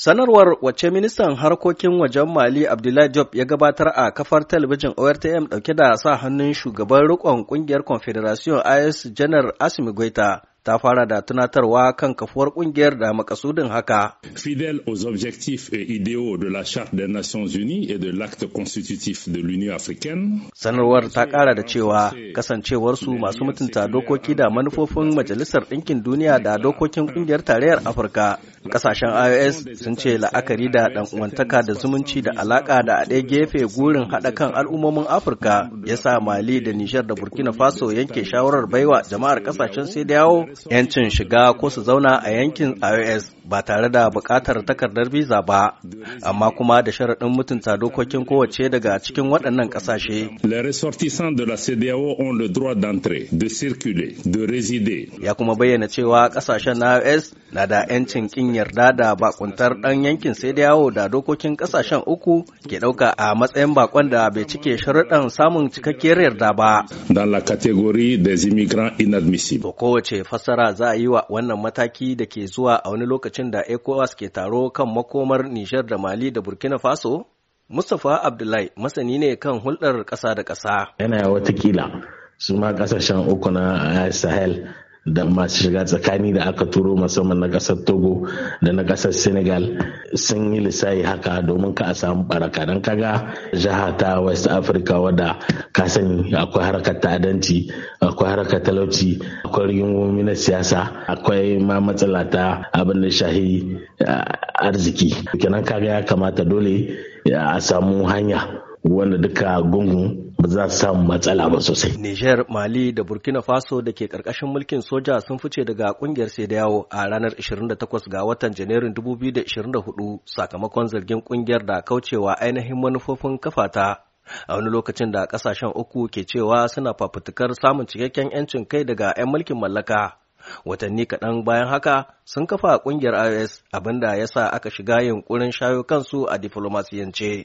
Sanarwar wace ministan harkokin wajen Mali Abdullahi Job ya gabatar a kafar talabijin ORTM dauke da sa hannun shugaban rikon ƙungiyar Confederation IS Janar Asimi Goita ta fara da tunatarwa kan kafuwar kungiyar da makasudin haka. fidel aux objectifs et idéaux de la Charte des Nations Unies et de l'acte constitutif de l'Union africaine. Sanarwar ta kara da cewa kasancewarsu masu mutunta dokoki da manufofin Majalisar Ɗinkin Duniya da dokokin kungiyar tarayyar Afirka. Kasashen IOS sun ce la'akari da uwantaka da zumunci da alaka da a ɗaya gefe gurin haɗa kan al'ummomin Afirka ya sa Mali da Nijar da Burkina Faso yanke shawarar baiwa jama'ar kasashen sai da yawo yancin shiga ko su zauna a yankin ios ba tare da bukatar takardar visa ba amma kuma da sharaɗin mutunta dokokin kowace daga cikin waɗannan ƙasashe ya kuma bayyana cewa ƙasashen na ios na da yancin kin yarda da bakuntar ɗan yankin sai da dokokin ƙasashen uku ke ɗauka a matsayin bakon da bai cike sharaɗin samun cikakkiyar yarda ba. Dans la catégorie des immigrants inadmissibles. Kowace fassara za a yi wa wannan mataki da ke zuwa a wani lokacin da ECOWAS ke taro kan makomar Nijar da Mali da Burkina Faso? Mustapha Abdullahi masani ne kan hulɗar ƙasa da ƙasa. Yana watakila su ma ƙasashen uku na Sahel da masu shiga tsakani da aka turo musamman na kasar togo da na ƙasar senegal sun yi lissafi haka domin ka a samu baraka don kaga jiha ta west africa wadda ka sani akwai harkar ta'addanci akwai harkar talauci akwai rigingomi na siyasa akwai ma matsala ta abin da shahi arziki kenan kaga ya kamata dole a samu hanya wanda duka gungun ba za su samu matsala ba sosai. Niger, Mali da Burkina Faso da ke ƙarƙashin mulkin soja sun fice daga ƙungiyar sai da yawo a ranar 28 ga watan Janairun 2024 sakamakon zargin ƙungiyar da kaucewa ainihin manufofin kafata a wani lokacin da ƙasashen uku ke cewa suna fafutukar samun cikakken 'yancin kai daga 'yan mulkin mallaka watanni kaɗan bayan haka sun kafa ƙungiyar ios abinda ya sa aka shiga yunkurin shayo kansu a diflomasiyance